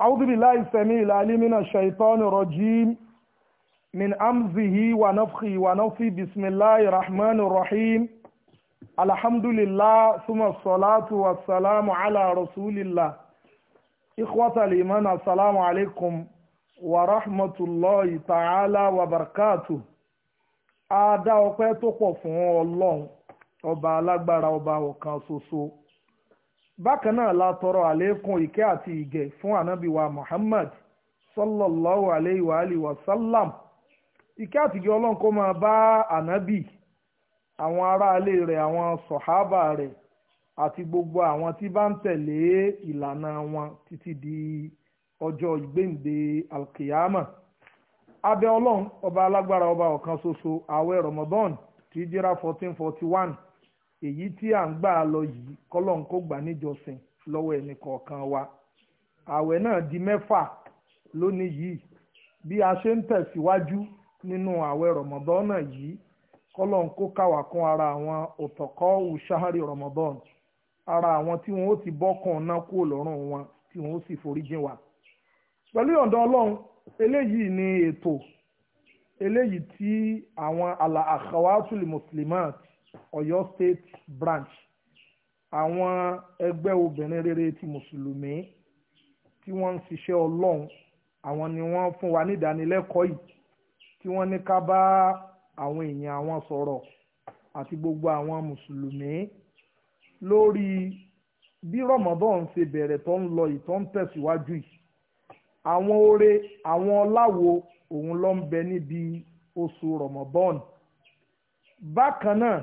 أعوذ بالله السميع العليم من الشيطان الرجيم من أمزه ونفخه ونفي بسم الله الرحمن الرحيم الحمد لله ثم الصلاة والسلام على رسول الله إخوة الإيمان السلام عليكم ورحمة الله تعالى وبركاته a dá ọpẹ́ tó pọ̀ fún Ọlọ́run bákan náà la tọrọ àlékún ìkẹ́ àti ìgẹ̀ fún ànábì Muhammad sallallahu alayhi wa alihi wa sallam ìkẹ́ àti ìgẹ̀ ọlọ́run kó máa bá ànábì àwọn aráalé rẹ̀ àwọn sọ̀hábà rẹ̀ àti gbogbo àwọn tí bá ń tẹ̀lé ìlànà wọn títí di ọjọ́ ìgbéǹde alkiyama abẹ́ ọlọ́run ọba alágbára ọba ọ̀kan ṣoṣo ààwẹ̀ Ramadan tí jẹ́ra fourteen èyí tí à ń gbà lọ yìí kọ́lọ́n kó gbà níjọsìn lọ́wọ́ ẹnì kọ̀ọ̀kan wa ààwẹ̀ náà di mẹ́fà lónìí yìí bí a ṣe ń tẹ̀síwájú nínú ààwẹ̀ rọ̀mọ̀dọ́nà yìí kọ́lọ́n kó káwà kún ara àwọn òtọ̀kọ́ òṣàárì rọ̀mọ̀dọ́n ara àwọn tí wọn ó ti bọ́kàn ná kúrò lọ́rùn wọn tí wọn ó sì foríjìn wa pẹ̀lú ìyọ̀ǹda ọlọ́run eléyìí ni ètò eléyìí tí àwọn àlà àkàwátùlì mùsùlùmáàtì Ọ̀yọ́ state branch àwọn ẹgbẹ́ obìnrin rere ti mùsùlùmí tí wọ́n ń ṣiṣẹ́ ọlọ́run àwọn ni wọ́n fún wa ní ìdánilẹ́kọ̀ọ́ yìí tí wọ́n ní ká bá àwọn èèyàn àwọn sọ̀rọ̀ àti gbogbo àwọn mùsùlùmí lórí bí rọmọdán ṣe bẹ̀rẹ̀ tó ń lọ yìí tó ń tẹ̀síwájú yìí àwọn oore àwọn ọláwo òun ló ń bẹ níbi oṣù rọmọdán bákan náà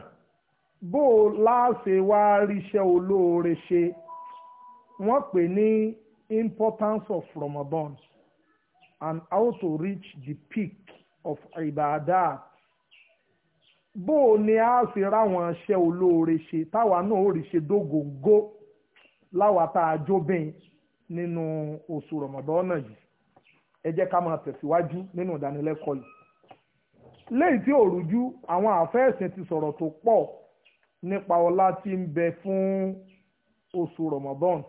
bó o láàṣẹ wá ríṣẹ́ olóore ṣe wọ́n pè ní importance of Ramadan and how to reach the peak of ibadah bó o ní a ṣe ráwọn iṣẹ́ olóore ṣe táwa náà ó rí ṣe dógóńgó láwa tá a jóbìn nínú oṣù Ramadan náà yìí ẹ jẹ́ ká máa tẹ̀síwájú nínú ìdánilẹ́kọ̀ọ́ yìí léyìí tí òrùjú àwọn àfẹ́ẹ̀sìn ti sọ̀rọ̀ tó pọ̀ nípa ọlá tí ń bẹ fún oṣù Ramadan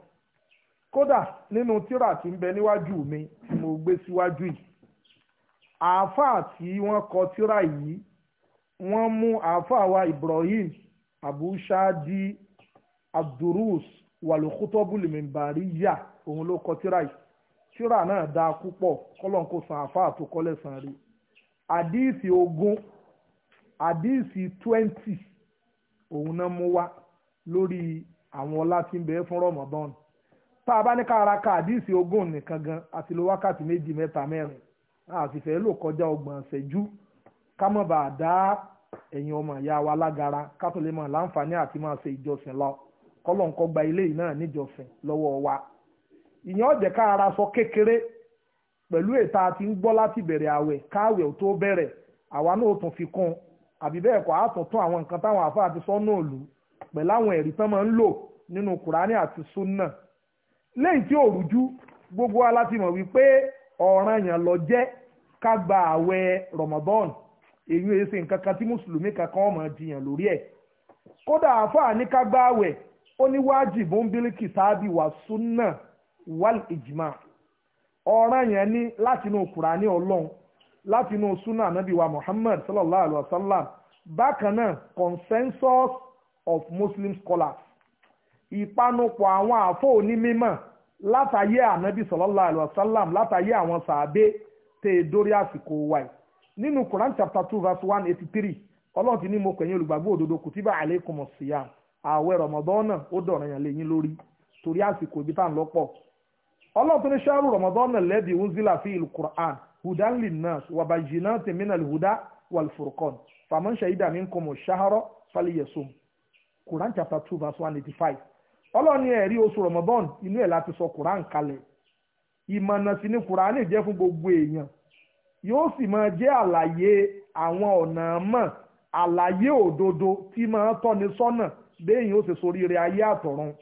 kódà nínú tírà tí ń bẹ níwájú mi tí mo gbé síwájú yìí àáfàá tí wọ́n kọ tírà yìí wọ́n mú àáfàá wa Ibrahim Abushadi Abdurus walukutobuli mimbariya òun ló kọ tírà yìí tírà náà da púpọ̀ kọ́lọ́n kò san àáfàá tó kọ́lẹ̀ san rí àdíìsì ogún àdíìsì twenty òun náà mú wá lórí àwọn ọlá tí fún rọmọdán tá a bá ní kára ka ogún nìkan gan àti lo wákàtí méjì mẹta mẹ́rin àti fẹ́ lò kọjá ọgbọ̀n ṣẹ́jú ká má dá ẹ̀yin ọmọ ìyá wa lágara ká tó lè sọ kékeré ń láti tó àwa náà àbí bẹ́ẹ̀ kọ́ àtọ̀tún àwọn nǹkan táwọn àfáà ti sọ́nà òlu pẹ̀lú àwọn ẹ̀rí tán máa ń lò nínú kùránì àti súnà lẹ́yìn tí òrùjú gbogbo wa láti mọ̀ wípé ọ̀ranyàn ló jẹ́ ká gba àwẹ̀ Ramadan èyí èsì nǹkan kan tí mùsùlùmí kankan ọmọ jiyàn lórí ẹ̀ kódà àfáà ní ká gba àwẹ̀ ó ní wájìbù ń bíríkì sáábì wà súnà wàl ìjìmá ọ̀ranyàn ni látinú kùránì ọlọ́run láti inú súnà ànábì wa Muhammad sallallahu alayhi wa sallam bákan náà consensus of Muslim scholars ìpanupọ̀ àwọn àfọ́ onímọ̀ látàyé ànábì sallallahu alayhi wa sallam látàyé àwọn sàábé tẹ̀ dórí àsìkò wáyé nínú Quran chapter two verse one eighty three ọlọ́run ti ní mo kẹ̀yìn olùgbàgbọ́ òdodo kùtìbà àlékùmọ̀ síyà ààwẹ̀ rọ̀mọ̀dọ́nà ó dọ̀rọ̀ yàn lẹ́yìn lórí torí àsìkò ibi tá à ń lọ́pọ̀ ọlọ́run tó ní ṣáàrù rọ̀mọ̀dọ́nà lẹ́bi unzila fi ìlú Quran hudan linnas wa bayyinatin min al-huda wal furqan faman shahida minkum ash-shahra falyasum quran chapter two verse one eighty five ọlọ́run ní ẹ̀rí oṣù ramadan inú ẹ̀ láti sọ quran kalẹ̀ ìmọ̀nà sí ni quran jẹ́ fún gbogbo èèyàn yóò sì máa jẹ́ àlàyé àwọn ọ̀nà mọ̀ àlàyé òdodo tí máa tọ́ni sọ́nà béèyàn ó sì soríire ayé àtọ̀run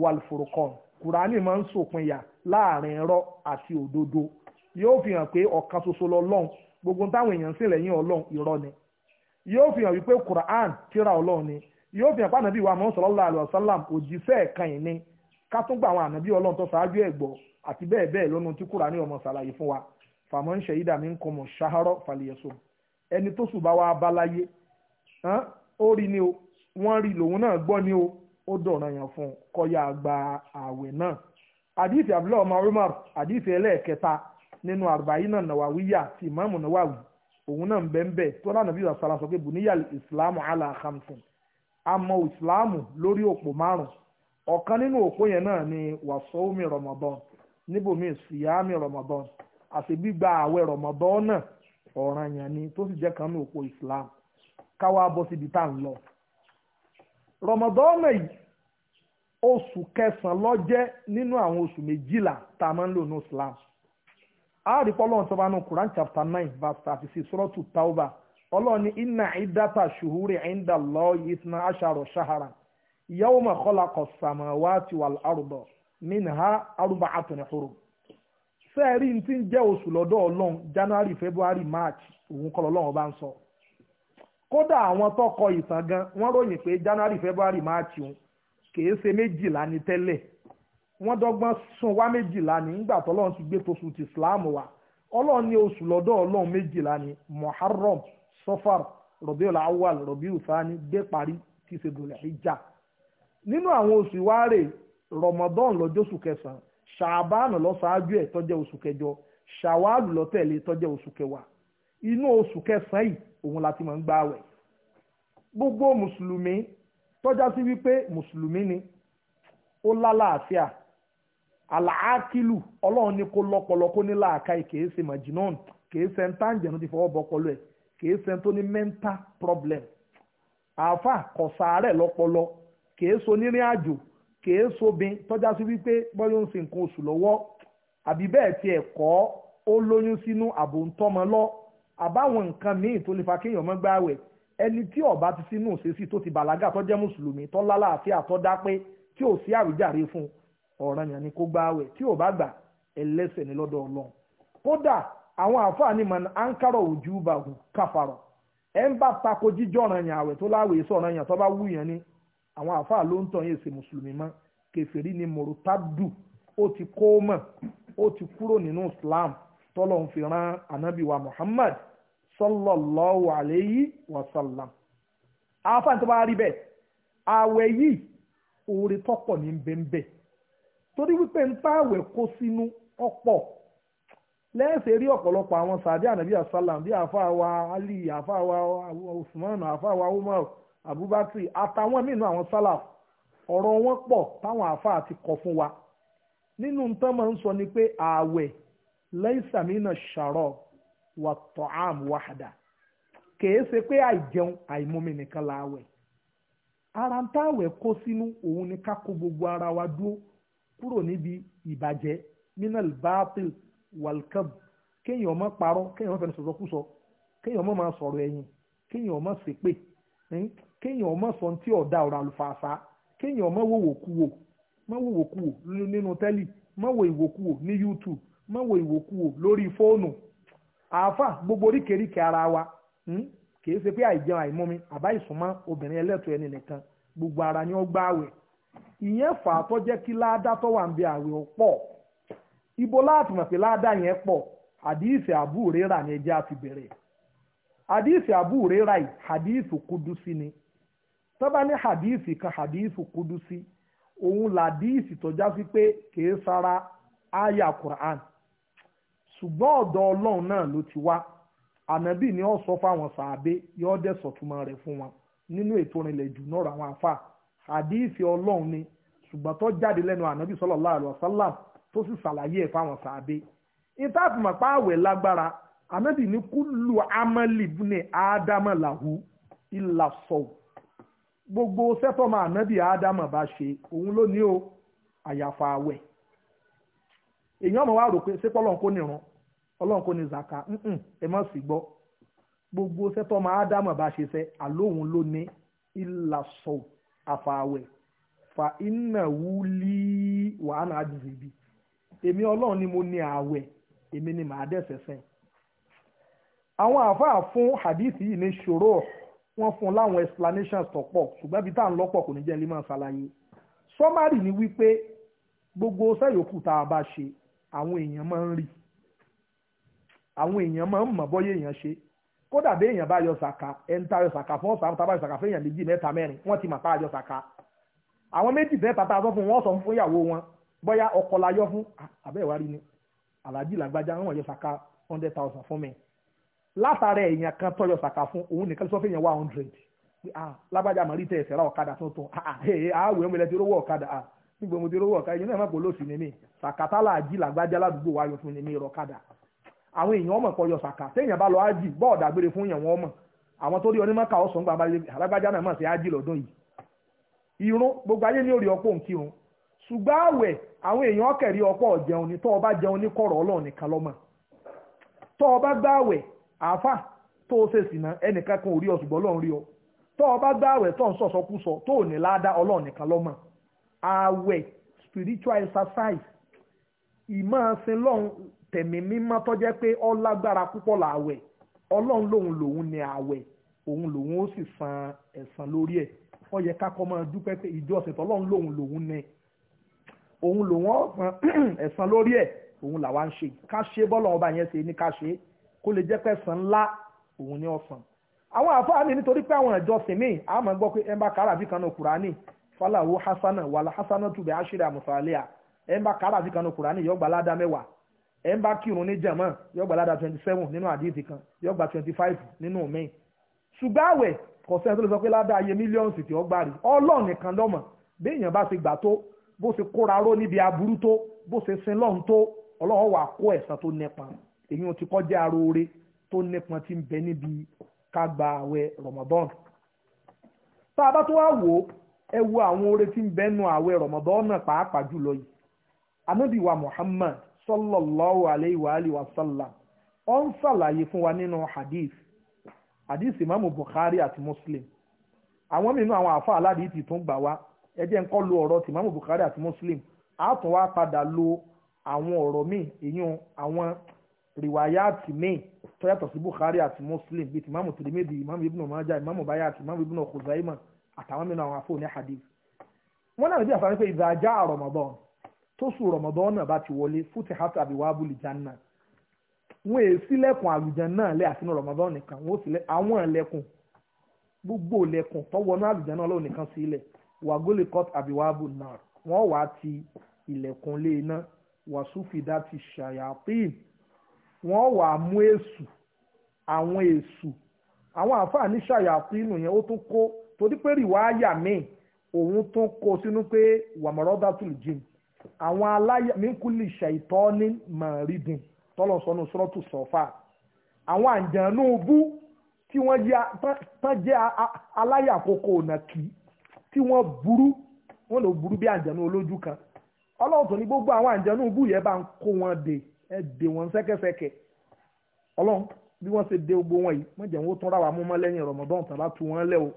wal furqan quran máa ń ṣòpinya láàrin irọ́ àti òdodo yóò fi hàn pé ọ̀kan ṣoṣo lọ́lọ́run gbogbo táwọn èèyàn sì lẹ́yìn ọlọ́run irọ́ ni yóò fi hàn wípé Quran tíra ọlọ́run ni yóò fi hàn pé ànábì wa mọ́ sallallahu alaihi wasallam òjíṣẹ́ ẹ̀kan yìí ni ká tún gba àwọn ànábì ọlọ́run tó ṣáájú ẹ̀gbọ́ àti bẹ́ẹ̀ bẹ́ẹ̀ lọ́nu tí Quran ọmọ ṣàlàyé fún wa fàmọ́ ń ṣẹ̀yí dàmí ń kọ́ mọ̀ ṣáhárọ̀ fàlìyẹ̀sọ ẹni tó sùn bá wa bá láyé ó rí ni o wọ́n rí o ó dọ̀ràn yàn fún kọ́yà gba ààwẹ̀ náà àdìsí àbúlọ̀ ọmọ nínú àrùbáyínà nàwáwíyà ti ìmáàmù nàwáwí òun náà ń bẹ ń bẹ tó lánàá bí wàsálà sọ pé bùníyà ìsìláàmù àlà hamsin àmọ́ ìsìláàmù lórí òpó márùn ọ̀kan nínú òpó yẹn náà ni wàsómi rọmọdán níbòmí síyámi rọmọdán àti gbígba àwẹ̀ rọmọdán náà ọ̀ranyàn ni tó sì jẹ́ kan ní òpó islam káwá bọ́ síbi tá à ń lọ. rọmọdán yìí oṣù kẹsàn-án ló jẹ́ nínú àwọn oṣù méjìlá tá a máa ń lò ní islam ha ọlọ́run tó bá nu Quran chapter nine verse thirty six sọ́rọ́tù tauba ọlọ́run ní inna iddata inda Allahi shahara yawma khalaqa samawati wal ti ń jẹ́ oṣù lọ́dọ̀ ọlọ́run january february march òun kọ́ lọ́lọ́run bá ń sọ kódà àwọn tó ìtàn gan wọ́n ròyìn pé january february march òun ṣe méjìlá wọ́n dọ́gbọ́n sún wá méjìlá ní nígbà tọ́lọ́run ti gbé toṣù ti islam wa ọlọ́run ní oṣù lọ́dọ̀ ọlọ́run méjìlá ní muharram sofar rabiul awwal rabiul thani dé parí tí ṣe dul hijja nínú àwọn oṣù ìwárè ramadan lọ́jọ́sù kẹsàn-án ṣàbánù lọ́sàájú ẹ̀ tọ́jẹ́ oṣù kẹjọ ṣàwálù lọ́tẹ̀lé tọ́jẹ́ oṣù kẹwàá inú oṣù kẹsàn-án yìí òun la ti máa ń gbààwẹ̀ gbogbo mùsùlùmí tọ́já sí wípé mùsùlùmí ni ó lálàáfíà àlàákìlù ọlọ́run ní kó lọ́pọlọ kó ní làákà kìí ṣe majinon kìí ṣe ń tàǹjẹ̀nu ti fọwọ́ bọ́ pọlọ ẹ̀ kìí ṣe tó ní mental problem àáfà kọ̀sàárẹ̀ lọ́pọlọ kìí ṣe onírìn àjò kìí ṣe obìnrin tọ́já sí wípé bọ́yọ̀ ń ṣe nǹkan oṣù lọ́wọ́ àbí bẹ́ẹ̀ tiẹ̀ kọ́ ó lóyún sínú àbò ń tọ́mọ lọ àbáwọn nǹkan míì tó lè fa kéèyàn mọ́ gbáwẹ̀ ẹni tí ọba ti sínú òṣèṣì tó ti bàlágà tó ọ̀ranyàn ni kó gbààwẹ̀ tí ò bá gbà ẹlẹ́ṣẹ̀ ní lọ́dọ̀ ọlọ́run kódà àwọn àáfàá ni mọ̀nà ankara ojú bá káfàrọ̀ ẹ ń bá tako jíjọ́ ọ̀ranyàn àwẹ̀ tó láwẹ̀ sọ ọ̀ranyàn tó bá wù ni àwọn àáfàá ló ń tàn ti kó mọ̀ ó ti kúrò nínú Islam tọ́lọ̀ ń fi ran wa alayhi wa sallam tó bá rí bẹ́ẹ̀ àwẹ̀ yìí torí wípé ń tá àwẹ̀ kó sínú ọ̀pọ̀ lẹ́ẹ̀sẹ̀ rí ọ̀pọ̀lọpọ̀ àwọn sàdí ànàbí asalam bí àfàwà ali àfàwà usman àfàwà umar abubakar àtàwọn mìíràn àwọn salaf ọ̀rọ̀ wọn pọ̀ táwọn àfà àti kọ fún wa nínú nǹkan máa ń sọ ni pé ààwẹ̀ lẹ́sàmínà ṣàrọ̀ wà tọ́ám wàhádà kèé ṣe pé àìjẹun àìmumi nìkan la àwẹ̀ ara ń táwẹ̀ kó sínú òun ni ká kó gbogbo ara wa dúró kúrò níbi ìbàjẹ́ minal batil walkab kéèyàn má parọ́ kéèyàn má fẹnu sọ̀rọ̀ kúsọ kéèyàn má máa sọ̀rọ̀ ẹ̀yìn kéèyàn má ṣépè kéèyàn má sọ tí ọ̀dà ọ̀rọ̀ àlùfàṣà kéèyàn má wòwò kúwò má wòwò kúwò nínú tẹ́lì má wò ìwò kúwò ní YouTube má wò ìwò kúwò lórí fóònù àáfà gbogbo oríkèéríkèé ara wa hmm, kì í ṣe pé àìjẹun àìmumi àbá ìsúnmọ́ obìnrin ẹlẹ́tọ̀ọ́ ẹni nìkan gbogbo ara ni ó gbáwẹ̀ ìyẹn fà á tó jẹ́ kí láàdá tó wà ń bẹ àwẹ̀ pọ̀ ibo láti mọ̀ pé láàdá yẹn pọ̀ àdìsí àbúrérà ni ẹjẹ́ àti bẹ̀rẹ̀ àdìsí àbúrérà yìí àdìsí kúdùsí ni tọ́ba ní àdìsí kan àdìsí kúdùsí òun làdìsí tọ́já sí pé kìí sara àyà Quran ṣùgbọ́n ọ̀dọ̀ ọlọ́run náà ló ti wá ànábì ni ó sọ fáwọn sàábé yóò dẹ̀ sọ̀túnmọ́ rẹ̀ fún wọn nínú ètò ìrìnlẹ̀ jù náà àwọn àfáà àdíìsì ọlọ́run ni ṣùgbọ́n tó jáde lẹ́nu ànábì sallallahu alaihi wasallam tó sì ṣàlàyé ẹ̀ fáwọn sàábé ìtàkùnmọ̀ páàwẹ̀ lágbára ànábì ní kúlù amálìbùnì ádámà làwù ìlà sọ̀wù gbogbo sẹ́tọ̀mọ ànábì ádámà bá ṣe òun ló ní o àyàfà àwẹ̀ èèyàn mọ̀ wá rò pé ṣé pọ́lọ́n kò nìran ọlọ́run kò ní zaka ẹ má sì gbọ́ gbogbo sẹ́tọ̀mọ ádámà bá ṣe fẹ́ àlóhun ló ní ìlà àfààwẹ̀ fa iná wúlí wàhánà àdìsí bi èmi ọlọ́run ni mo ní ààwẹ̀ èmi ni màá dẹ̀sẹ̀ sẹ́yìn. àwọn àáfàá fún hadith yìí ní ṣòro wọ́n fún láwọn explanations tó pọ̀ ṣùgbọ́n ibi tá à ń lọ́pọ̀ kò ní jẹ́ limọ̀ ṣàlàyé sọ́márì ni wípé gbogbo sẹ́yòkù tá a bá ṣe àwọn èèyàn máa ń rí àwọn èèyàn máa ń mọ̀ bọ́yé èèyàn ṣe kódà bí èèyàn bá yọ sàkà ẹni tá a yọ sàkà fún ọ̀sán tábà yọ sàkà fún èèyàn méjì mẹ́ta mẹ́rin wọ́n ti mà pa àyọ sàkà àwọn méjì mẹ́ta tá a sọ fún wọn sọ fún ìyàwó wọn bóyá ọkọ la yọ fún abẹ́ ìwárí ni aláàjì làgbájá wọn yọ sàkà hundred thousand fún mi látara èèyàn kan tọ́yọ sàkà fún òun nìkan sọ fún èèyàn one hundred lágbájá màrí tẹ ẹsẹ̀ ra ọ̀kadà tuntun àwẹ̀ ń wẹ̀lẹ̀ ti àwọn èèyàn ọmọ ìpọ̀ yọ sàkà téèyàn bá lọ ájì bọ́ọ̀dù àgbèrè fún èèyàn wọn mọ̀ àwọn tó rí onímọ̀ ká ọ̀sán gbàgbà alágbájá náà mọ̀ sí ájì lọ́dún yìí irun gbogbo ayé ní orí ọ̀pọ̀ nǹkí irun ṣùgbọ́n àwẹ̀ àwọn èèyàn kẹ̀rí ọ̀pọ̀ jẹun ni tọ́ ọba jẹun ní kọ̀rọ̀ ọlọ́run nìkan lọ́mọ tọ́ ọba gbá àwẹ̀ àáfà o ṣe sìnà ò rí ọ ṣùgbọ́n ọlọ́run rí ọ tẹ̀mí mímọ́ tó jẹ́ pé ó lágbára púpọ̀ làwẹ̀ ọlọ́run lòun lòun ni àwẹ̀ òun lòun ó sì san ẹ̀san lórí ẹ̀ ó yẹ ká kọ́ máa dúpẹ́ pé ìjọsìn tọ́lọ́run lòun lòun ni òun lòun ó san ẹ̀san lórí ẹ̀ òun làwa ń ṣe ká ṣe bọ́lọ̀ ọba yẹn ṣe ní ká ṣe kó lè jẹ́ pé ẹ̀san ńlá òun ni ó san àwọn àfáà mi nítorí pé àwọn ìjọsìn míì a máa gbọ́ pé ẹ bá káràbí kan náà Kùránì fàlàwò hasana wàlà hasana tùbẹ̀ àṣírí àmùsàlẹ́à ẹ bá káràbí kan náà Kùránì yọgbàládá ẹ̀ ń bá kírun ní jẹ̀mọ́ yóò gba ládàá twenty seven nínú àdìsí kan yóò gba twenty five nínú mi ṣùgbọ́n àwẹ̀ kò sẹ́ni tó lè sọ pé ládàá iye mílíọ̀nù tí ó gbà rí ọlọ́run nìkan lọ́mọ béèyàn bá ṣe gbà tó bó ṣe kóra ró níbi aburú tó bó ṣe sin lọ́run tó ọlọ́run wà kó ẹ̀san tó nípa èyí ti kọjá aróore tó nípa ti ń bẹ níbi ká àwẹ̀ Ramadan tá a bá tó wá wò ó ẹ wo àwọn oore tí ń bẹ́nu àwẹ̀ Ramadan náà pàápàá jùlọ yìí anábìwà Muhammad sallallahu alayhi wa alihi wa sallam ó ń ṣàlàyé fún wa nínú hadith hadith imaamu bukhari àti muslim àwọn mìíràn àwọn àfa aládìí ti tún gbà wá ẹ jẹ́ ń kọ́ lo ọ̀rọ̀ tí imaamu bukhari àti muslim á tún wá padà lo àwọn ọ̀rọ̀ míì èyàn àwọn riwayati míì tó yàtọ̀ sí bukhari àti muslim bíi ti imaamu tirimidi imaamu ibnu maja imaamu bayati imaamu ibnu khuzaima àtàwọn mìíràn àwọn àfa òní hadith wọn náà ní bí àfààní pé ìdájá ramadan tóṣù rọmọdọ́nà bá ti wọlé fúti hàtà àbí wàá bùlì jánà wọn èé sílẹ̀kùn àlùján náà lẹ́ àfinú rọmọdọ́nà nìkan wọn ò sílẹ̀ àwọn ẹlẹ́kùn gbogbo ẹlẹ́kùn tọ́wọ́nú àlùján náà lọ́wọ́ nìkan sílẹ̀ wàgólè court àbí wàá bùlì náà wọ́n wàá ti ilẹ̀kùn lé iná wàsúfìdá ti ṣàyàpín wọ́n wàá mú èṣù àwọn èṣù àwọn àǹfààní ṣàyàpín yẹn ó tún kó torí pé rìwáyà míì òun tún kó sínú pé wàmọ̀rọ́dá tùlù jíìmù àwọn aláyà mínkúlì ṣàìtọ́ni màrídìn tọ́lọ̀ sọnù sọ́rọ́tù sọ́fà àwọn àjànú bú tí wọ́n jẹ́ aláyà kókó ọ̀nà kì tí wọ́n burú wọ́n lò burú bí àjànú olójú kan ọlọ́run tó ní gbogbo àwọn àjànú bú yẹn bá ń kó wọn dè ẹ dè wọn sẹ́kẹ́sẹ́kẹ́ ọlọ́run bí wọ́n ṣe dé gbogbo wọn yìí wọ́n jẹ́ wọ́n tún ra wà mú mọ́ lẹ́yìn rọ̀mọ́dọ́n tàbá tu wọ́n lẹ́ o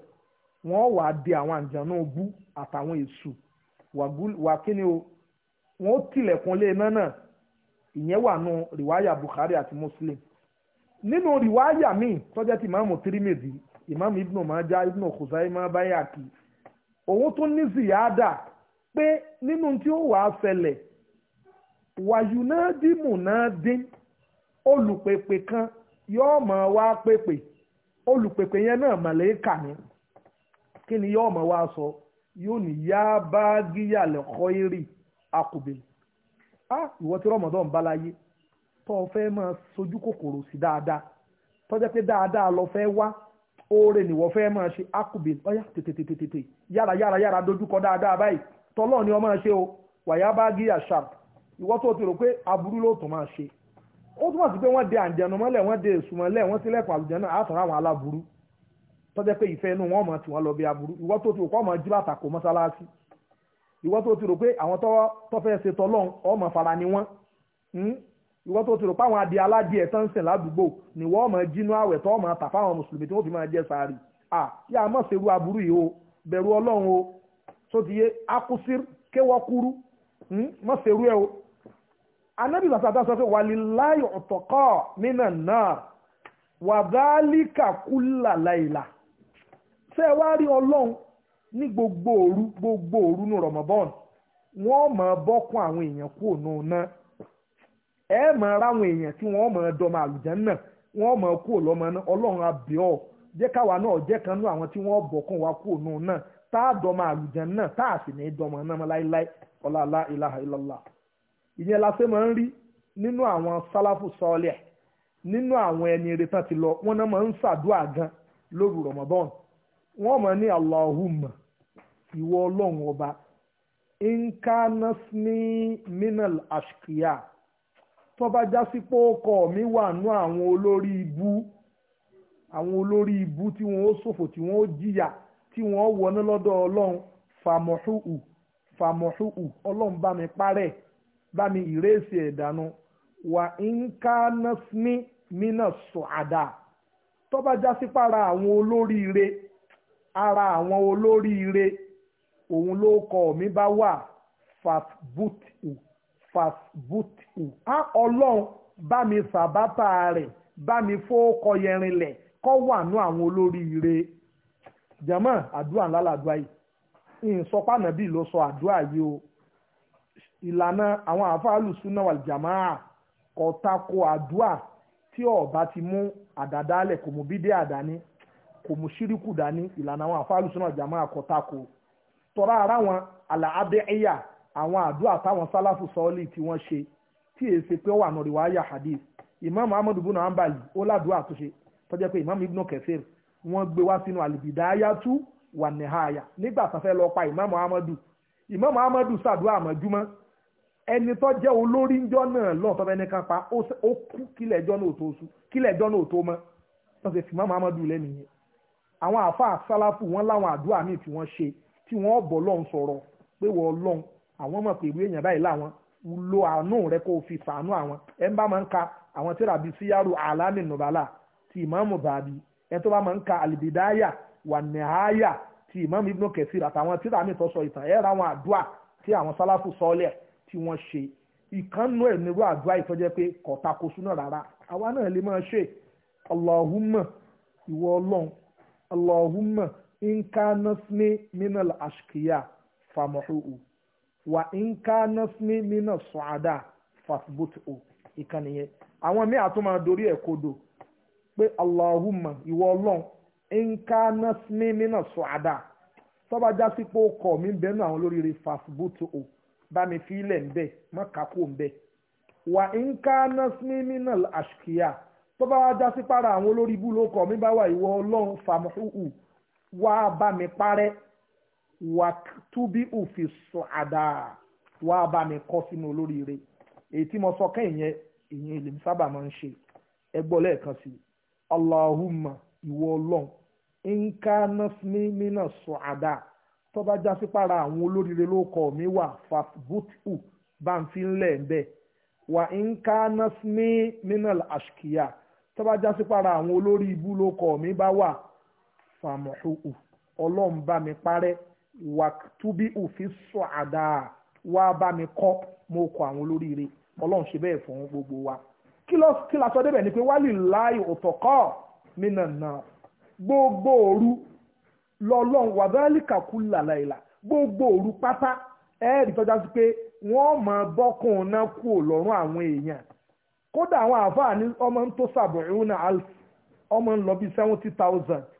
wọ́n wàá dè àwọn àjànú bú àtàwọn èṣù wà kíni o wọ́n tilẹ̀kùn lé iná náà ìyẹn wà nù rìwáyà Bukhari àti Muslim nínú rìwáyà míì tọ́jà tí ìmáàmù Tirmidhi ìmáàmù Ibn Majah Ibn Khuzaimah Bayhaqi òun tún ní ziyada pé nínú tí ó wàá ṣẹlẹ̀ wàyúnádì múnádì olùpèpè kan yóò máa wá pèpè olùpèpè yẹn náà màlẹ́kà ni kí ni yóò máa wá sọ yóò ní yá bá gíyà lẹ́kọ́ irì. akùbè a ìwọ tí rọmọdán bá láyé tó o fẹ́ máa sojú kòkòrò sí dáadáa tó jẹ́ pé dáadáa lọ fẹ́ wá oore nìwọ fẹ́ máa ṣe yara ọyá tètètètètè yára yára yára ni ọ máa ṣe o wàyà bá gíyà sharp ìwọ tó ti rò pé aburú ló máa ṣe ó túmọ̀ sí pé wọ́n de àǹjẹ̀nu mọ́lẹ̀ wọ́n de èṣù mọ́lẹ̀ wọ́n náà àwọn aláburú tọ́jẹ́ pé ìfẹ́ inú wọn mọ̀ tí wọ́n ìwọ tó ti rò pé àwọn tó fẹ́ ṣe tọ́lọ́n ọmọ fara ni wọ́n hmm? ìwọ tó ti rò pé àwọn adìẹ aládìẹ tán ń sìn ládùúgbò ni wọ́n mọ̀ jínú àwẹ̀ tó mọ̀ tà fáwọn mùsùlùmí tí wọ́n fi máa jẹ sàárì à yà á mọ̀ ṣerú aburú yìí o bẹ̀rù ọlọ́run o tó ti yé akusir kéwọ́ kúrú mọ̀ hmm? ṣerú ẹ o anabi sàtàtà sọ pé wàlíláyọ̀ ọ̀tọ̀kọ́ nínà náà wàdálíkà kúlà láìlà ṣé wá rí ọlọ́run ní gbogbo òru gbogbo òru ní rọmọbọ́n wọ́n máa àwọn èèyàn kú òun ẹ máa ráwọn èèyàn tí wọn máa dọmọ àlùjànnà wọ́n máa náà ọlọrun abẹ́ ọ jẹ́ káwa náà jẹ́ kan ní àwọn tí wa dọmọ tá a sì ní dọmọ náà láíláí ilaha ìyẹn la fẹ́ máa ń rí nínú àwọn sálàfù wọn nínú àwọn ẹni retán ti lọ náà máa ìwọ ọlọ́run ọba inkanasni minal ashkia. tọ́ba jásí pé ó kọ́ mi wà nú àwọn olórí ibú àwọn olórí ibú tí wọ́n ó ṣòfò tí wọ́n ó jìyà tí wọ́n ó wọná lọ́dọ̀ ọlọ́run fàmọ́hùhù fàmọ́hùhù ọlọ́run bá mi parẹ́ bá mi ìrèsì ẹ̀dánú wà inkanasni minal sọ̀adà tọ́ba jásí para àwọn olóríire ara àwọn olóríire òun ló kọ mi bá wà fàbùtù fàbùtù á ọlọ́run bá mi sàbátà rẹ̀ bá mi fọ́ọ̀kọ yẹrinlẹ̀ kọ́ wà nú àwọn olóríire jàmọ́ àdúrà ńlá làdúrà yìí ìsọpá nàbí ló sọ àdúrà yìí o ìlànà àwọn àfáàlù súná wà jàmáà kò tako àdúrà tí ọba ti mú àdàdálẹ̀ kò mú bídé àdání kò mú ṣíríkù dání ìlànà àwọn àfáàlù súná jàmáà kò tako tọ́ra ara wọn àlàábẹ́ẹ́yà àwọn àdúrà táwọn sálàfù sọ́ọ́lì tí wọ́n ṣe tí èyí ṣe pé ó wà nù rìwáyà hadith imam ahmed buna ambali ó ládùúgbò àtúnṣe tó jẹ́ pé imam ibn kẹfẹ́r wọ́n gbé wá sínú alìbìdáyàtú wà nìhàyà nígbà tó fẹ́ lọ pa imam ahmedu imam ahmedu sàdúrà àmọ́júmọ́ ẹni tó jẹ́ olórí ńjọ́ náà lọ́ọ̀ tó fẹ́ pa ó kú kílẹ̀ ẹjọ́ náà tó sùn kílẹ̀ ẹjọ́ náà tó mọ́ tó ṣe fi imam ahmedu lẹ́nu yẹn àwọn àfa àsálàfù wọn láwọn àdúrà míì tí wọ́n ṣe tí wọ́n bọ̀ lọ́n sọ̀rọ̀ pé wọ́n lọ́n àwọn mọ̀ pé ìwé èèyàn báyìí láwọn lo àánú rẹ kó o fi sàánú àwọn ẹ ń bá máa ń ka àwọn tíra bíi síyárù àlámì nùbàlà ti ìmáàmù bàbí ẹ tó bá máa ń ka àlìbìdáyà wà nìháyà ti ìmáàmù ibnu kẹsìrì àtàwọn tíra mi tó sọ ìtàn ẹ ra àwọn àdúà tí àwọn sálàfù sọ́ọ̀lẹ̀ tí wọ́n ṣe ìkànnú ẹ̀ nírú àdúrà ìtọ́jẹ́ pé kọ̀tàkó súná rárá àwa náà lè máa ṣe allahumma ìwọ ọlọ́run in ka nasmi minal ashkiya famuhu wa in ka nasmi minal suada fasbutu ìkànnì yẹn àwọn míì àtúmọ̀ dorí ẹ̀ kodo pé allahumma iwo ọlọ́run in ka nasmi minal suada tọ́ba já sí pé ó mi mí bẹ́ẹ̀ awon àwọn olóríire fasbutu ba mi fi ilẹ̀ ń bẹ̀ má kakó ń bẹ̀ wà minal ashkiya to ba wá já para awon olórí ibú ló mi wá bá mi parẹ́ wà túbí òfin sọ̀dà wá bá mi kọ́ sínú olóríire èyí tí mo sọ kẹ́yìn yẹn ìyẹn èlèmi sábà máa ń ṣe ẹ gbọ́ lẹ́ẹ̀kan sí i allahumma ìwọ ọlọ́run nǹka nasmi mina sọ̀dà tó bá já para àwọn olóríire ló kọ́ mi wà fàbùtù bá ń fi ń lẹ̀ ń bẹ́ẹ̀ wà nǹka nasmi mina àṣkìyà tó bá já para àwọn olórí ibú ló kọ́ mi bá wà fàmùhùhù ọlọ́run bá mi parẹ́ wàtúbí òfin sọ àdá wá bá mi kọ́ mo kọ àwọn olóríire ọlọ́run ṣe bẹ́ẹ̀ fún gbogbo wa kí ló kí la sọ débẹ̀ ni pé wálé láì òtọ̀kọ́ mi nànà gbogbo òru lọ́lọ́run wàdálíkà kú làlàyìlà gbogbo òru pátá ẹ̀ẹ́dì tọ́já sí pé wọ́n mọ̀ bọ́kùn náà kú lọ́rùn àwọn èèyàn kódà àwọn àfáà ní ọmọ ń tó sàbọ̀ ìrúnà alf ọmọ ń lọ bí seventy thousand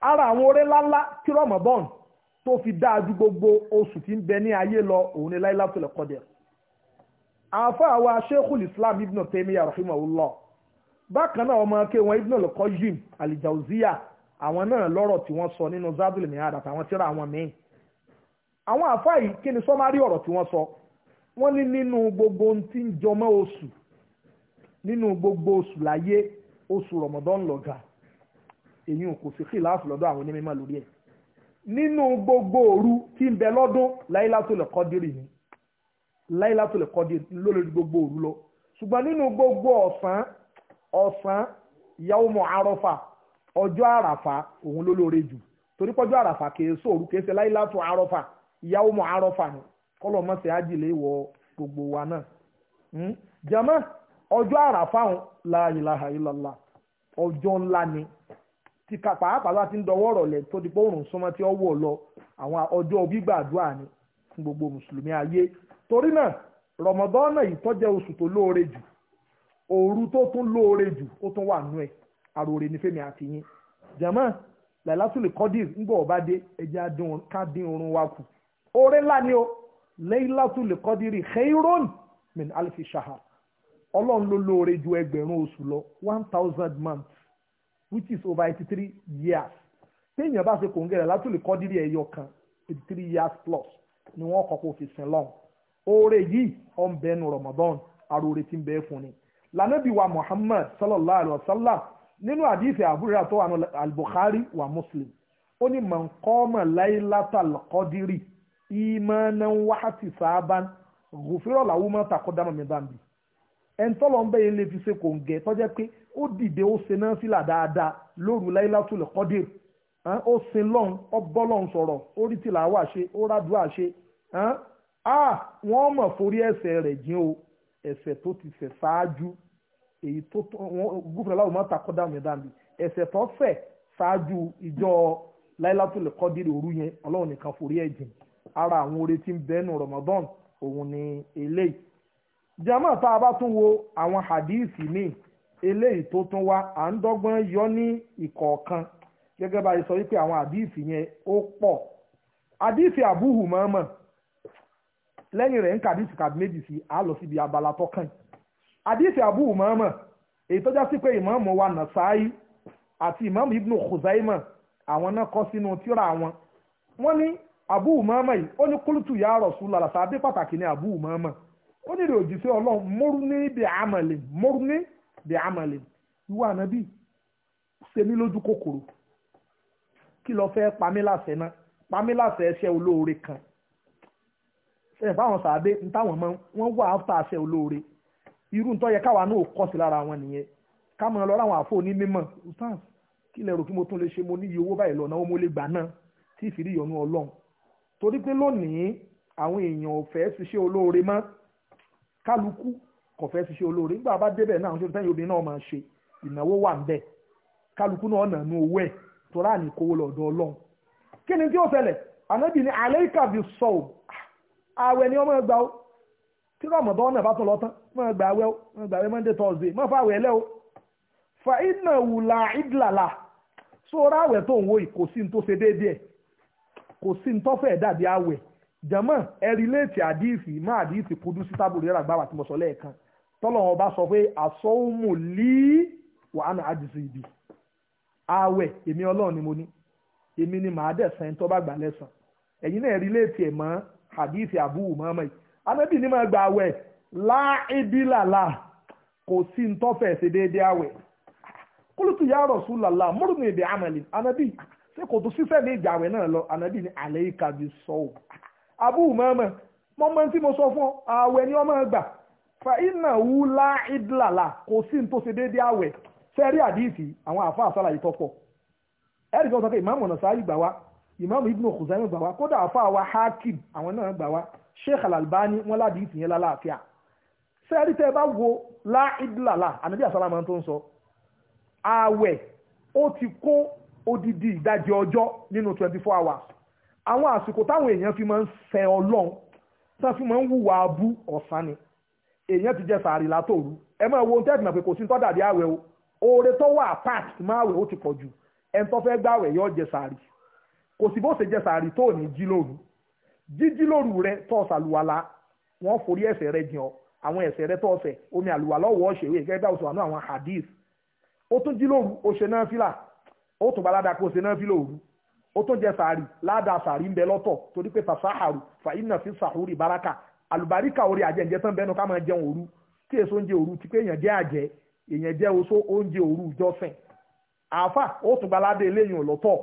ara àwọn oré ńláńlá tí rọmọbọ́n tó fi dáa ju gbogbo oṣù tí ń bẹ ní ayé lọ òun ni Lailatul Qadr àáfàá wa Sheikhul Islam Ibn Taymiyyah rahimahullah bákan náà ọmọ akẹ́ wọn Ibn al-Qayyim al-Jawziyah àwọn náà lọ́rọ̀ tí wọ́n sọ nínú Zadul Ma'ad àtàwọn tíra àwọn míì àwọn àáfàá yìí kí ni sọ́márì ọ̀rọ̀ tí wọ́n sọ wọ́n ní nínú gbogbo ohun tí ń jọmọ́ oṣù nínú gbogbo oṣù láyé oṣù Ramadan lọ́gàá èyí ò kò sí kíláàfù lọ́dọ̀ àwọn onímọ̀ lórí ẹ̀ nínú gbogbo òru tí ń bẹ lọ́dún Laylatul Qadri ni Laylatul Qadri lórí gbogbo òru lọ ṣùgbọ́n nínú gbogbo ọ̀sán ọ̀sán yawmu Arafa ọjọ́ àràfà òun ló lóore jù torí pọ́jọ́ àràfà kìí sóòru kìí ṣe Laylatul Arafa yawmu Arafa ni kọ́lọ̀ mọ́ sí ájìlẹ̀ ìwọ gbogbo wa náà hmm? jama ọjọ́ àràfà la ilaha illallah ọjọ́ ńlá ni ti ka pàápàá láti ń dọwọ́ rọ̀lẹ́ tó di pé òrùn súnmọ́ tí ó wọ̀ lọ àwọn ọjọ́ gbígbàdúrà ni fún gbogbo mùsùlùmí ayé torí náà rọmọdọ́nà yìí jẹ́ oṣù tó lóore jù òru tó tún lóore jù ó tún wà nú ẹ̀ ní fèmí àti yín jẹ̀mọ́ làlásùlè kọ́dìr ọba dé orun wa kù lọ one thousand which is over eighty three years téèyàn bá ṣe kòǹgẹ̀rẹ̀ látòlè kọ́dírí ẹ̀yọ kan eighty three years plus ni wọ́n kọ́ kó fi sin lọ́n oore yìí ọ̀nbẹ́nu Ramadan aróore ti ń bẹ́ẹ̀ fún ni lànàbí wa Muhammad sallallahu alayhi wa sallam nínú àdìsí àbúrò tó wà ní al-Bukhari wa Muslim ó ní man qama laylatal qadri imanan wa ihtisaban ghufira lahu ma taqaddama min dhanbi ẹ̀ńtọ́lọ́ ń bẹ́ẹ̀ lè fi ṣe kòǹgẹ̀ tọ́jẹ́ pé ó dìde ó ṣe náà sílà dáadáa lóru láìláàtúlẹ̀ kọ́dìr ó ṣe lọ́hùn ó bọ́ lọ́hùn sọ̀rọ̀ ó rí tìlà wà ṣe ó rádùá ṣe wọ́n mọ̀ forí ẹ̀ṣẹ̀ rẹ̀ jìn o ẹ̀ṣẹ̀ tó ti ṣẹ̀ ṣáájú èyí tó gúfúnra láwùjọ máa takọ́ dáhùn yẹn dáhùn bí ẹ̀ṣẹ̀ tó ṣẹ̀ ṣáájú ìjọ láìláàtúlẹ̀ kọ́dìr òru yẹn ọlọ́run nìkan forí ẹ̀ jìn ara àwọn oore tí ń bẹ́nu Ramadan òun ni eléyìí jama tá a bá tún wo àwọn hadisi míì eléyìí tó tún wá à ń dọ́gbọ́n yọ ní ìkọ̀ọ̀kan gẹ́gẹ́ bá a sọ wípé àwọn àdíìsì yẹn ó pọ̀ àdíìsì àbúhù mọ́ọ́mọ́ lẹ́yìn rẹ̀ ń ka kàbí méjì sí a lọ síbi abala tọ́kàn àbúhù mọ́ọ́mọ́ èyí tó já sí pé ìmáàmù wa nàṣáì àti wọn wọ́n ní yìí ó ya pàtàkì ní ó ní sí ọlọ́run àmàlè bí amali ìwọ ànábì ṣe mí lójú kòkòrò kí lọ fẹ́ pamí náà pamí láṣẹ olóore kan ṣẹ̀yìn fáwọn sàádé ntàwọn mọ wọ́n wà áfà àṣẹ olóore irú ntọ́ yẹ káwa náà kọ́ sí lára wọn nìyẹn káwọn lọ́rọ̀ àwọn àfọ onímọ̀ ustaz kí lẹ rò kí mo tún lè ṣe mo níyì owó báyìí lọ́nà ó mo lè gbà náà tí ìfìrí ìyọnu ọlọ́run torí pé lónìí àwọn èèyàn ò fẹ́ ṣiṣẹ́ olóore mọ́ kálukú kò fẹ́ ṣiṣẹ́ olóore nígbà bá débẹ̀ náà ṣe fẹ́yìn obìnrin náà máa ṣe ìnáwó wà ń bẹ̀ kálukú náà nà nú owó ẹ̀ tó rà ní kówó lọ́dọ̀ ọlọ́run kí ni tí ó ṣẹlẹ̀ ànábì ní àlẹ́kà bí sọ ò ààwẹ̀ ni ọmọ ẹgbàá ó tí rọ̀mọ̀ bá ọ̀nà bá tún lọ tán mọ̀ ẹgbà awẹ́ ó mọ̀ ẹgbà awẹ́ monday thursday mọ̀ fàwẹ̀ ẹlẹ́ o fa iná wùlà ìdìlàlà sóra àwẹ̀ tó ń wo yìí kò sí ní tó ṣe déédéẹ̀ kò sí ní tó fẹ́ dàbí àwẹ̀ jẹ̀mọ́ ẹ̀rí léètì àdìsí má àdìsí kudu sí tábùrù yẹ́rà gbáwà tí mo sọ lẹ́ẹ̀kan tọ́lọ̀ ọba sọ pé àsọ́wọ́mù lí àdìsí ibi ààwẹ̀ èmi ọlọ́run ni mo ní èmi ni màá dẹ̀sán ẹni tó bá gbà lẹ́sàn ẹ̀yin náà rí léètì ẹ̀ mọ́ hadith abu umama yìí anábì ní máa gba ààwẹ̀ láìbílàlà kò sí ní tọ́fẹ̀ ṣe déédéé ààwẹ̀ kólútù yà Rasulullah múrùnú èdè anábì ṣé kò ní ààwẹ̀ náà lọ fa iná wú lá ìdílàlà kò sí ní tó ṣe déédéé àwẹ̀ fẹ́ẹ́rí àdìsí àwọn àfa àsálà yìí tọ́pọ̀ ẹ̀rí kan sọ pé ìmáàmù ọ̀nà sáà gbà wá ìmáàmù ibnu Khuzaimah gbà wá kódà àfa wa hakim àwọn náà gbà wá sheikh al-Albani wọn ládìsí yẹn lálàáfíà fẹ́ẹ́rí tẹ́ ẹ bá wo lá ìdílàlà ànábì àsálà máa tó ń sọ àwẹ̀ ó ti kó odidi ìdajì ọjọ́ nínú twenty four hours àwọn àsìkò táwọn èèyàn fi máa ń fẹ́ ọlọ́run tá fi máa ń wùwà abú ọ̀sán ni èèyàn ti jẹ sàárì látòru ẹ máa wo tẹ́sí náà pé kò sí tọ́ dàbí àwẹ̀ o oore tó wà apart máa wẹ̀ ó ti pọ̀ jù ẹni tó fẹ́ gbàwẹ̀ yóò jẹ sàárì kò sí bó ṣe jẹ sàárì tó ní jí lóru jíjí lóru rẹ tó ṣàlùwàlà wọn forí ẹ̀ṣẹ̀ rẹ jìn ọ àwọn ẹ̀ṣẹ̀ rẹ tó ṣẹ̀ omi àlùwàlà ọwọ́ ọ̀ṣẹ̀wé gẹ́gẹ́ bá oṣù àánú àwọn hadith ó tún jí lóru ó ṣe náà fìlà ó tún bá ládàá kó ṣe náà fìlà òru ó tún jẹ sàárì ládàá sàárì ń bẹ lọ́tọ̀ torí pé fàṣàhàrù fàyínà fi sàhúrì báràkà àlùbáríkà orí àjẹǹjẹ tán bẹnu ká máa jẹun òru tí èso oúnjẹ òru ti pé èèyàn jẹ́ àjẹ èèyàn jẹ́ oṣó oúnjẹ òru ìjọsìn àáfà ó tún gbaládé eléyìn ọ̀lọ́tọ̀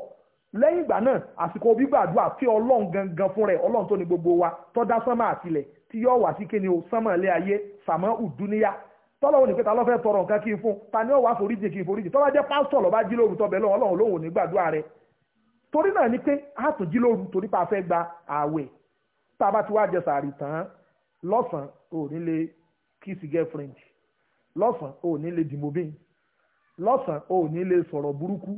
lẹ́yìn ìgbà náà àsìkò gbígbàdúrà tí ọlọ́run gangan fún rẹ̀ ọlọ́run tó ní gbogbo wa tó dá sánmà àtìlẹ̀ tí yóò wá sí kíni o sánmà ilé ayé sàmọ́ ùdúníyà tọ́lọ́ òní pẹ́ta lọ́fẹ́ tọrọ nǹkan kí n fún ta ni ó wá foríjì kí n foríjì tọ́lá jẹ́ pásítọ̀ lọ́ba jí lóru tọ́bẹ̀ lọ́wọ́ ọlọ́run lóhùn ní gbàdúrà rẹ̀ torí náà ni pé a tún jí lóru torí pa fẹ́ gba ààwẹ̀ tá a bá ti wá jẹ sàárì tán lọ́sàn-án ò ní lè kiss girlfriend lọ́sàn-án ò ní lè dimobin lọ́sàn-án ò ní lè sọ̀rọ̀ burúkú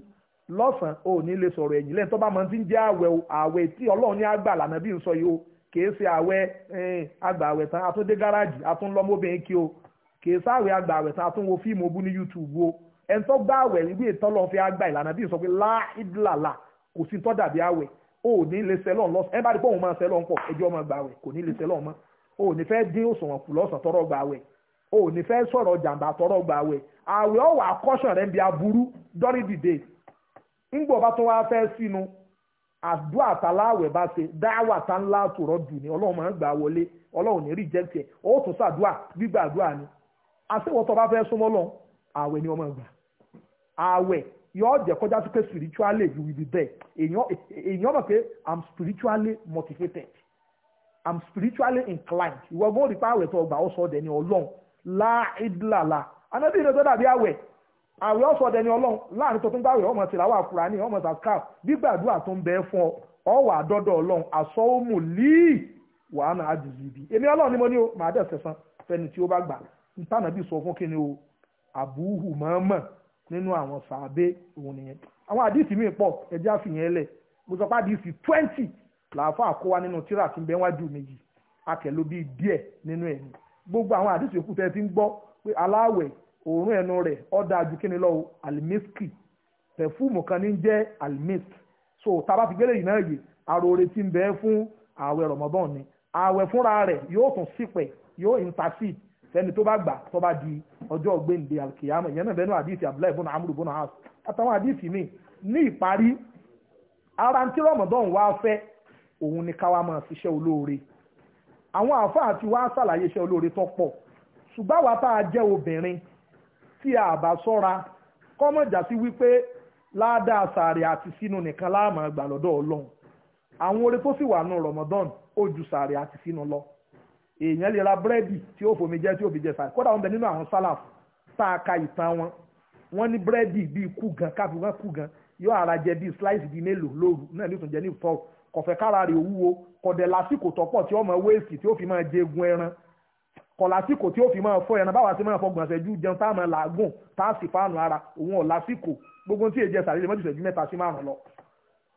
lọ́sàn-án ò ní lè sọ̀rọ̀ ẹ̀yìn lẹ́yìn tó bá máa ti ń jẹ́ àwẹ̀ àwẹ̀ tí ọlọ́run ní àgbà lànà bí n sọ yìí o kìí ṣe àwẹ̀ àgbà àwẹ̀ tán a tún dé gáràjì a tún lọ́mọbìnrin kí o kìí ṣe àwẹ̀ àgbà àwẹ̀ tán a tún wo fíìmù obú ní YouTube o ẹni tó gbá àwẹ̀ ìwé ìtọ́lọ́ fi àgbà ìlànà bí n sọ pé láìdílàlà kò sí tọ́ dàbí àwẹ̀ o ò ní lè sẹ́lọ̀ lọ́sàn ẹ bá rí pé òun máa sẹ́lọ̀ ń pọ̀ ẹjọ́ máa gbà àwẹ̀ kò ní lè sẹ́lọ̀ mọ́ o ò ní fẹ́ dín òṣùwọ̀n kù lọ́sàn tọrọ gba àwẹ̀ o ò ní fẹ́ sọ̀rọ̀ jàǹbá tọrọ gba àwẹ̀ àwẹ̀ ọ̀wà akọ́ṣàn rẹ̀ ń bi aburú during the day ńgbọ̀ bá tún wá fẹ́ sínú àdúrà àtàláwẹ̀ bá ṣe dáwà tá ńlá tòrọ̀ dù ní ọlọ́run máa ń gbà wọlé ọlọ́run ní reject ẹ̀ tún ṣàdúà gbígbà àdúrà ni àṣewọ́tọ̀ bá fẹ́ súnmọ́ lọ àwẹ̀ ni ọmọ ìgbà àwẹ̀ yóò jẹ́ kọjá sí pé spiritually you will be there èèyàn mọ̀ pé i'm spiritually motivated am spiritually inclined ìwọ gbọ́n rí pàwẹ̀ tó ọgbà ọ̀sọ̀ ọ̀dẹ̀ ni ọlọ́run láìdílàlà anábì ìrẹ́ tó dàbí àwẹ̀ àwẹ̀ ọ̀sọ̀ ọ̀dẹ̀ ni ọlọ́run láàrin tó tún bá àwẹ̀ ọmọ tìlàwọ̀ àkùrà ní ọmọ sàkà gbígbàdúrà tó ń bẹ fún ọ ọwà àdọ́dọ̀ ọlọ́run àsọ òmù líì wàá nà ájùzì ibi èmi ọlọ́run ni mo ní o màá dẹ̀ sẹ̀sán fẹni tí ó bá gbà ntànàbì sọ fún kíni o àbúhù mọ́ọ́mọ́ nínú àwọn sàábé òun nìyẹn àwọn àdìsí mi pọ̀ ẹ̀jẹ̀ àfihàn ẹlẹ̀ mo sọ pé àdìsí twenty làáfà àkówá nínú tíra tí ń bẹ wájú mi yìí bíi díẹ̀ nínú ẹ̀ gbogbo àwọn àdìsí òkú tẹ́ ti ń gbọ́ pé aláwẹ̀ òórùn ẹnu rẹ ó dáa ju kíni lọ́wọ́ alimiski pẹ̀fúùmù kan ní jẹ́ alimisk so tá a bá ti gbélé yìí náà yìí aróore ti ń bẹ fún ààwẹ̀ rọ̀mọ́bọ̀n ni ààwẹ̀ fúnra rẹ̀ yóò tún sípẹ̀ yóò tó bá gbà tó bá di ọjọ́ ọ̀gbẹ́ǹde alkiyama ìyẹn náà bẹ́ẹ̀ àdìsí abdullahi bọ́nà amúlù bọ́nà house àtàwọn àdìsí míì ní ìparí ara wá òun ni káwa máa ṣiṣẹ́ olóore àwọn àáfàá ti wá ṣàlàyé iṣẹ́ olóore tó pọ̀ ṣùgbọ́n àwa tá a jẹ́ obìnrin tí a bá ṣọ́ra kọ́mọ̀jà sí wípé ládàá sàárè àti sínú nìkan láàmú àgbà lọ́dọ̀ ọlọ́run àwọn oore tó sì wà nù Ramadan ó ju sàárè àti sínú lọ èèyàn lè ra búrẹ́dì tí ó fòmi jẹ́ tí ó fi jẹ sàárè kódà wọn bẹ nínú àwọn sálàf tá a ka ìtàn wọn wọn ní búrẹ́dì bíi kú gan káfí kú gan yóò ara jẹ bíi slice bíi mélòó lóru náà ní ìtúnjẹ ní ìfọ́ọ̀ kọ̀fẹ́ kára rẹ̀ wúwo kọ̀dẹ̀ lásìkò tọ́pọ̀ tí ó máa wéèsì tí ó fi máa jẹgun ẹran kọ̀ lásìkò tí ó fi máa fọ ẹran báwa ti máa fọ gbọ̀nsẹ̀jú jẹun tá a máa làágùn tá a sì fáànù ara òun ọ̀ lásìkò gbogbo tí èjì ẹ̀sà rẹ̀ mọ́jú ìṣẹ́jú mẹ́ta sí márùn-ún lọ.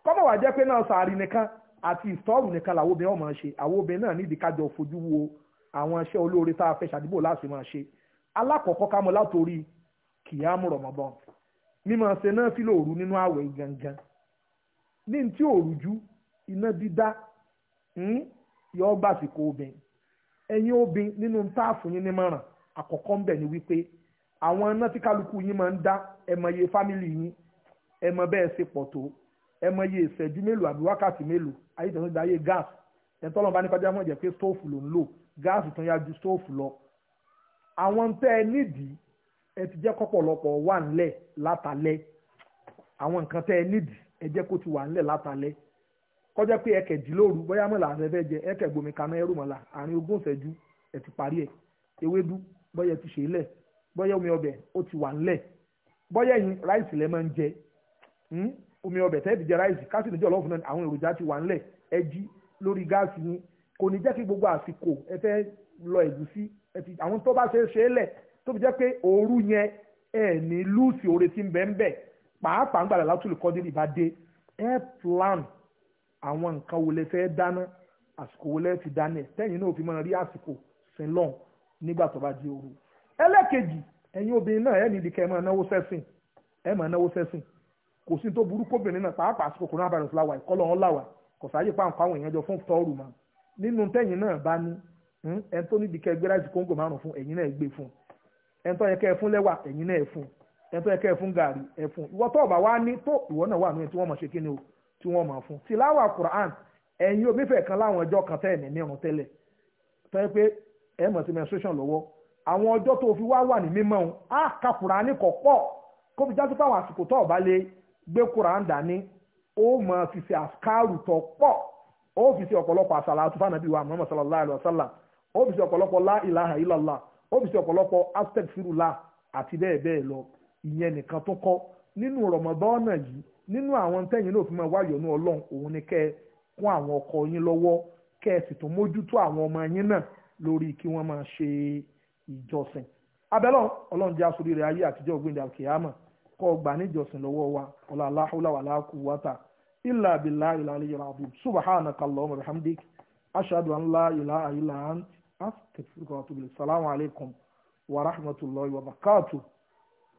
kọ́mọ̀ wá jẹ́ pé náà sàárì nìkan àti ìtọ́rù nìkan làwọn obìnrin ọmọ ṣe àwọn obìnrin náà nídìí kájọ fojú wo àwọn iṣẹ́ olóore tá a fẹ́ ṣàdúgbò láti máa ṣe. alákọ̀ọ́kọ́ ká mọ látòrí kìyàmù rọ̀mọ́bọ́n mímọ ṣe náà fi lóòrù nínú àwẹ̀ gangan ní tí òòrù iná dídá hmm, yóò gbà sí kó obìn ẹ̀yin obìn nínú táàfù yín nímọ̀ràn àkọ́kọ́ ń bẹ̀ ni wípé àwọn iná tí kálukú yín máa ń dá ẹ mọ iye fámìlì yín ẹ mọ bẹ́ẹ̀ ṣe pọ̀ tó ẹ mọ iye ìṣẹ́jú mélòó àbí wákàtí mélòó ayédèrè ìgbà ayé gáàsì ẹ̀tọ́ lọ́nba ní kọjá mọ̀ jẹ́ pé stóòfù ló ń lò gáàsì tó ń yá ju stóòfù lọ. àwọn tẹ́ ẹ nídìí ẹ ti jẹ́ kọ́pọ̀lọpọ̀ wà ńlẹ̀ látàlẹ́ àwọn nǹkan tẹ́ ẹ nídìí ẹ jẹ́ kó ti wà ńlẹ̀ látàlẹ́ kọjá pé ẹkẹ jí lóru bóyá mọ̀lá àfẹ́fẹ́ jẹ ẹkẹ gbomi kaná ẹrù mọ̀lá àárín ogún ìṣẹ́jú ẹ ti parí ẹ ewédú bóyá ti ṣe é lẹ̀ bóyá omi ọbẹ̀ ó ti wà ńlẹ̀ bóyá ẹ̀yin ráìsì lẹ́ máa ń jẹ hmm? omi ọbẹ̀ tẹ́ẹ̀dì jẹ ráìsì káṣí níjọ́ ọlọ́fun náà àwọn èròjà ti wà ńlẹ̀ ẹ jí lórí gáàsì yín kò ní jẹ́ kí gbogbo àsìkò ẹ fẹ́ lọ ẹ̀gúsí ẹ ti àwọn tó bá ṣe é ṣe é lẹ̀ tó fi jẹ́ pé òru yẹn ẹ ní lúùsì oore tí ń bẹ́ẹ̀ ń bẹ̀ pàápàá ń gbàdá látùlù plan àwọn nǹkan wo lẹ fẹ́ dáná àsìkò wo lẹ ti dáná ẹ̀ tẹ́yìn náà fi máa rí àsìkò sin lọ́n nígbà tó bá di òru ẹlẹ́kejì ẹ̀yin obìnrin náà ẹ̀ nídìí kẹ́ ẹ máa náwó sẹ́sìn ẹ máa náwó sẹ́sìn kò sí tó burú kóbìnrin náà pàápàá àsìkò kòrónà virus láwà ìkọlọ̀ wọn láwà kò sáyé pàǹpá àwọn èèyàn jọ fún tọ́ọ̀rù mọ́ nínú tẹ́yìn náà bá ní hmm, ẹni tó nídìí kẹ́ ẹ gbé ráìsì kóńgò márùn fún ẹ̀yin náà gbé e fún ẹni tó tí wọ́n máa fún tìláwà Quran ẹ̀yin omi fẹ̀ kan láwọn ọjọ́ kan tẹ́ẹ̀ ní irun tẹ́lẹ̀ pé ẹ mọ̀ sí menstruation lọ́wọ́ àwọn ọjọ́ tó fi wá wà ní mímọ́ òun á ka Quran kọ̀ pọ̀ kó fi jásí fáwọn àsìkò tó ọ̀bá lé gbé Quran dání ó máa fi ṣe àkàrù tó pọ̀ ó fi ṣe ọ̀pọ̀lọpọ̀ àṣàlà wa Muhammad ilaha nínú rọ̀mọ̀dọ́nà yìí nínú àwọn tẹ́yìn náà fi máa wáyọ̀ ní ọlọ́run òun ni kẹ́ ẹ kún àwọn ọkọ yín lọ́wọ́ kẹ́ ẹ sì tún mójútó àwọn ọmọ yín náà lórí kí wọ́n máa ṣe ìjọsìn abẹ́lọ́ ọlọ́run jẹ́ aṣorí rẹ̀ ayé àtijọ́ ògbìn dàkìyàmà kọ́ ọgbà níjọsìn lọ́wọ́ wa ọlá aláhùlá wà láàkú wátà ilà abilà ilà alẹ́ yọrọ àbú subahana kalọ́ muhammadik ashadu anla ilà ayila an astaghfiruka wa atubu salamu alaykum wa rahmatulahi wa barakatuh.